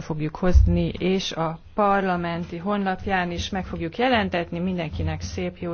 fogjuk hozni, és a parlamenti honlapján is meg fogjuk jelentetni. Mindenkinek szép jó